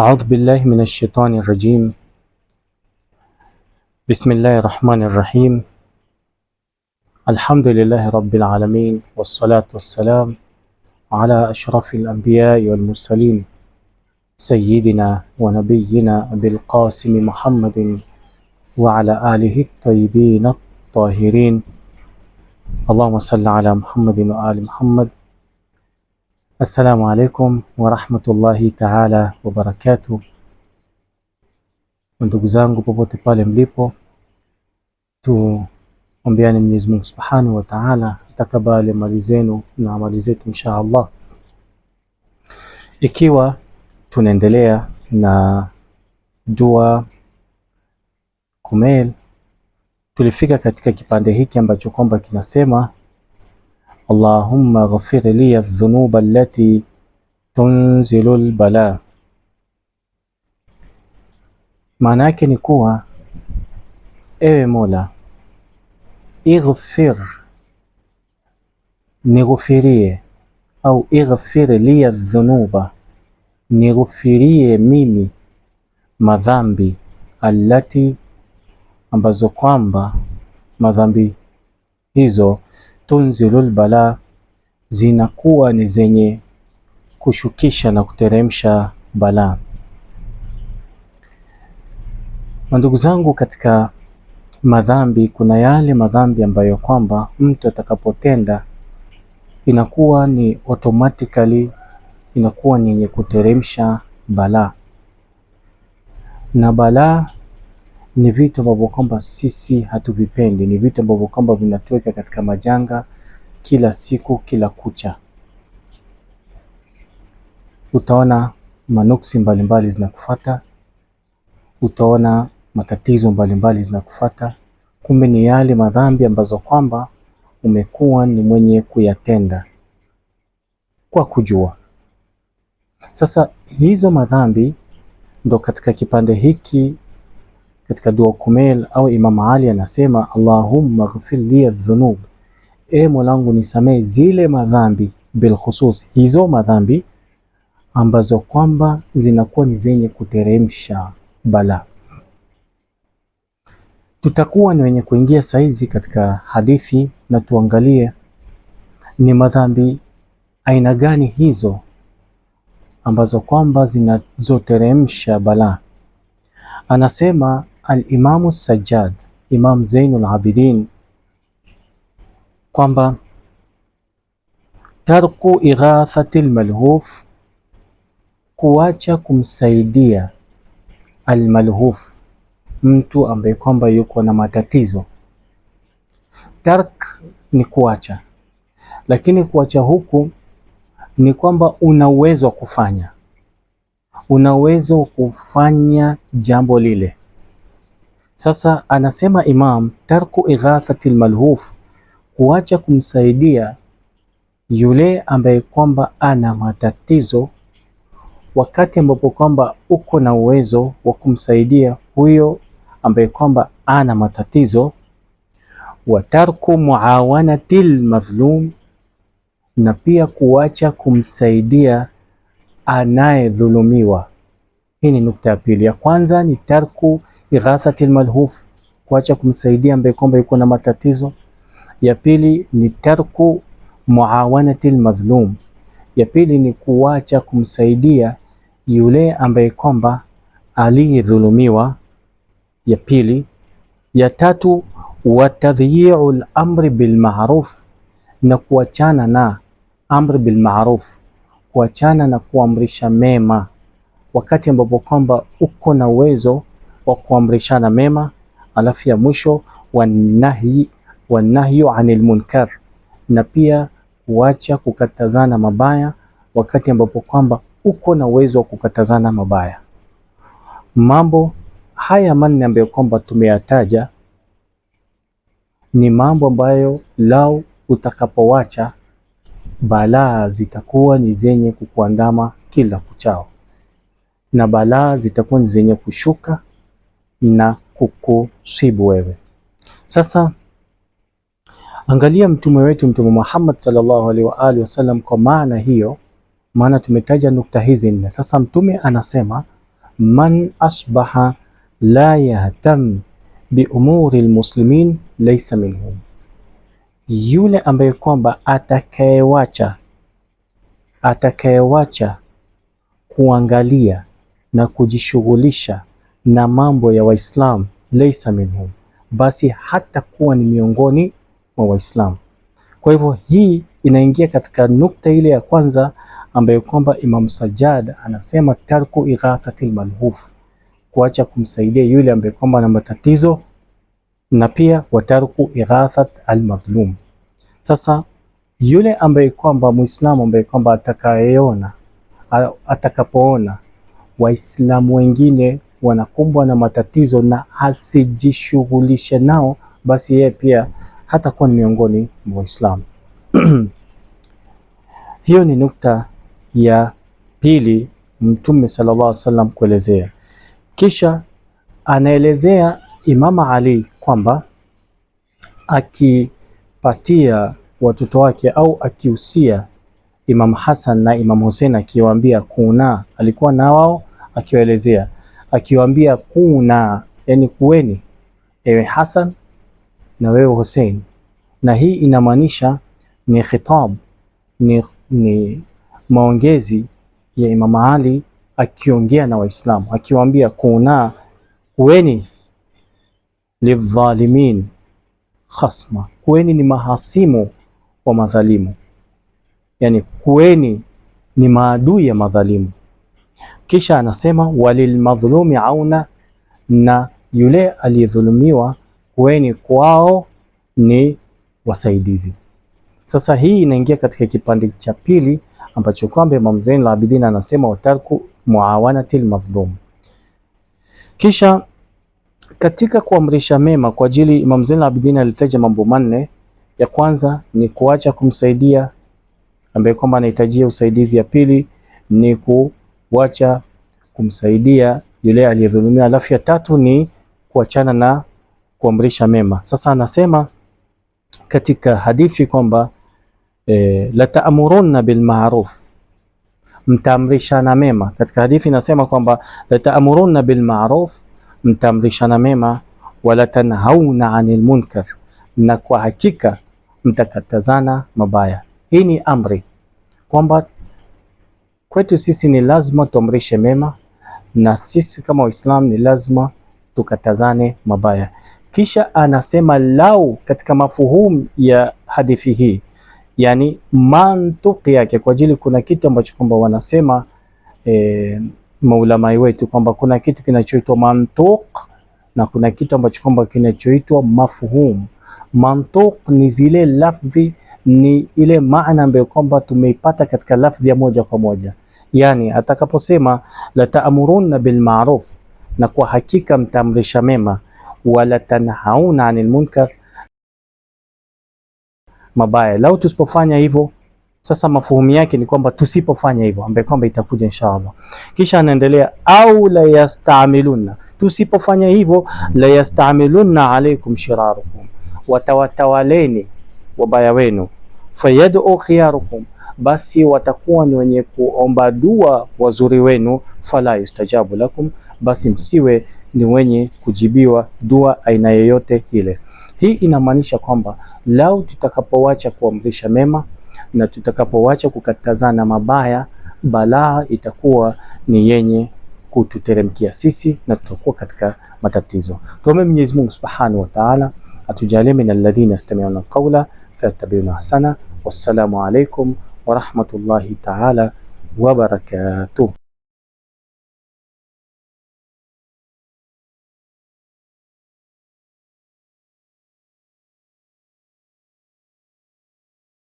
أعوذ بالله من الشيطان الرجيم بسم الله الرحمن الرحيم الحمد لله رب العالمين والصلاة والسلام على أشرف الأنبياء والمرسلين سيدنا ونبينا أبي القاسم محمد وعلى آله الطيبين الطاهرين اللهم صل على محمد وآل محمد Assalamu alaikum warahmatullahi taala wabarakatuh. Ndugu zangu popote pale mlipo, tuombeane Mwenyezi Mungu subhanahu wa taala atakabali amali zenu na amali zetu insha Allah, ikiwa tunaendelea na dua Kumail, tulifika katika kipande hiki ambacho kwamba kinasema اللهم اغفر لي الذنوب التي tunzilu lbalaa. Maana yake ni kuwa, ewe Mola, ighfir, nighufirie, au ighfir liya dhunuba, nighufirie mimi madhambi, alati ambazo kwamba madhambi hizo tunzilul bala, zinakuwa ni zenye kushukisha na kuteremsha balaa. Ndugu zangu, katika madhambi kuna yale madhambi ambayo kwamba mtu atakapotenda inakuwa ni automatically inakuwa ni yenye kuteremsha balaa, na balaa ni vitu ambavyo kwamba sisi hatuvipendi, ni vitu ambavyo kwamba vinatuweka katika majanga kila siku, kila kucha. Utaona manuksi mbalimbali zinakufata, utaona matatizo mbalimbali zinakufata, kumbe ni yale madhambi ambazo kwamba umekuwa ni mwenye kuyatenda kwa kujua. Sasa hizo madhambi ndo katika kipande hiki katika dua Kumail au Imam Ali anasema Allahumma ghfir li dhunub, e ee mwanangu nisamee zile madhambi, bilkhusus hizo madhambi ambazo kwamba zinakuwa ni zenye kuteremsha bala. Tutakuwa ni wenye kuingia saizi katika hadithi na tuangalie ni madhambi aina gani hizo ambazo kwamba zinazoteremsha balaa. Anasema Alimamu Sajjad, Imam Zainul Abidin kwamba tarku ighathati lmalhuf, kuacha kumsaidia almalhuf, mtu ambaye kwamba yuko na matatizo. Tark ni kuacha, lakini kuacha huku ni kwamba una uwezo wa kufanya, una uwezo wa kufanya jambo lile sasa anasema Imam, tarku ighathati almalhuf, kuacha kumsaidia yule ambaye kwamba ana matatizo, wakati ambapo kwamba uko na uwezo wa kumsaidia huyo ambaye kwamba ana matatizo. Wa tarku muawanati lmadhlum, na pia kuacha kumsaidia anayedhulumiwa hii ni nukta ya pili. Ya kwanza ni tarku ighathati almalhuf, kuacha kumsaidia ambaye kwamba yuko na matatizo. Ya pili ni tarku muawanati almadhlum, ya pili ni kuacha kumsaidia yule ambaye kwamba aliyedhulumiwa. Ya pili. Ya tatu watadhyiu al-amri bil ma'ruf, na kuachana na amri bil ma'ruf, kuachana na kuamrisha mema wakati ambapo kwamba uko na uwezo wa kuamrishana mema, alafu ya mwisho wanahyu anil munkar, na pia kuacha kukatazana mabaya, wakati ambapo kwamba uko na uwezo wa kukatazana mabaya. Mambo haya manne ambayo kwamba tumeyataja ni mambo ambayo lau utakapowacha balaa zitakuwa ni zenye kukuandama kila kuchao na balaa zitakuwa ni zenye kushuka na kukusibu wewe. Sasa angalia mtume wetu Mtume Muhammad sallallahu alaihi wa alihi wasallam kwa maana hiyo, maana tumetaja nukta hizi nne. Sasa mtume anasema man asbaha la yahtam bi umuri lmuslimin laysa minhum, yule ambaye kwamba atakayewacha atakayewacha kuangalia na kujishughulisha na mambo ya Waislamu laisa minhum, basi hata kuwa ni miongoni mwa Waislamu. Kwa hivyo hii inaingia katika nukta ile ya kwanza ambayo kwamba Imam Sajjad anasema tarku ighathatil malhuf, kuacha kumsaidia yule ambaye kwamba ana matatizo, na pia watarku ighathat almadhlum. Sasa yule ambaye kwamba Muislamu ambaye kwamba atakayeona atakapoona Waislamu wengine wanakumbwa na matatizo na asijishughulishe nao, basi yeye pia hatakuwa ni miongoni mwa Waislamu. Hiyo ni nukta ya pili Mtume sallallahu alaihi wasallam kuelezea. Kisha anaelezea Imama Ali kwamba akipatia watoto wake au akiusia Imam Hasan na Imam Hussein akiwaambia kuna, alikuwa na wao akiwaelezea akiwaambia, kuna yani kuweni, ewe Hasan na wewe Hussein. Na hii inamaanisha ni khitab, ni, ni maongezi ya Imam Ali akiongea na Waislamu akiwaambia, kuna kuweni lidhalimin khasma, kuweni ni mahasimu wa madhalimu, yani kuweni ni maadui ya madhalimu kisha anasema walilmadhlumi auna, na yule aliyedhulumiwa kuweni kwao ni wasaidizi. Sasa hii inaingia katika kipande cha pili ambacho kwamba Imam al Abidin anasema watarku muawanati almadhlum. Kisha katika kuamrisha mema kwa ajili, Imam al Abidin alitaja mambo manne. Ya kwanza ni kuacha kumsaidia ambaye kwamba anahitaji usaidizi, ya pili ni ku kuacha kumsaidia yule aliyedhulumiwa. Alafu ya tatu ni kuachana na kuamrisha mema. Sasa anasema katika hadithi kwamba e, la ta'muruna mtaamrishana mema. Katika hadithi inasema kwamba la bilmaruf mtaamrishana mema, wala tanhauna 'anil munkar, na kwa hakika mtakatazana mabaya. Hii ni amri kwamba Kwetu sisi ni lazima tuamrishe mema, na sisi kama Waislamu ni lazima tukatazane mabaya. Kisha anasema lau, katika mafuhum ya hadithi hii, yani mantuki yake, kwa ajili kuna kitu ambacho kwamba wanasema e, eh, maulamai wetu kwamba kuna kitu kinachoitwa mantuq na kuna kitu ambacho kwamba kinachoitwa mafhum. Mantuq ni zile lafdhi, ni ile maana ambayo kwamba tumeipata katika lafdhi ya moja kwa moja, yani atakaposema la ta'muruna bil ma'ruf, na kwa hakika mtaamrisha mema, wala tanhauna 'anil munkar mabaya lau tusipofanya hivyo. Sasa mafuhumu yake ni kwamba tusipofanya hivyo, ambaye kwamba itakuja insha Allah. Kisha anaendelea au la yastamiluna Tusipofanya hivyo, la yastamiluna alaykum shirarukum, watawatawaleni wabaya wenu. Fayadu khiyarukum, basi watakuwa ni wenye kuomba dua wazuri wenu. Fala yustajabu lakum, basi msiwe ni wenye kujibiwa dua aina yoyote ile. Hii inamaanisha kwamba lau tutakapowacha kuamrisha mema na tutakapowacha kukatazana mabaya, balaa itakuwa ni yenye kututeremkia sisi na tutakuwa katika matatizo. Tuombe Mwenyezi Mungu Subhanahu wa Ta'ala atujalie min alladhina yastami'una alqawla fayattabi'una ahsana. Wassalamu alaykum wa rahmatullahi ta'ala wa barakatuh.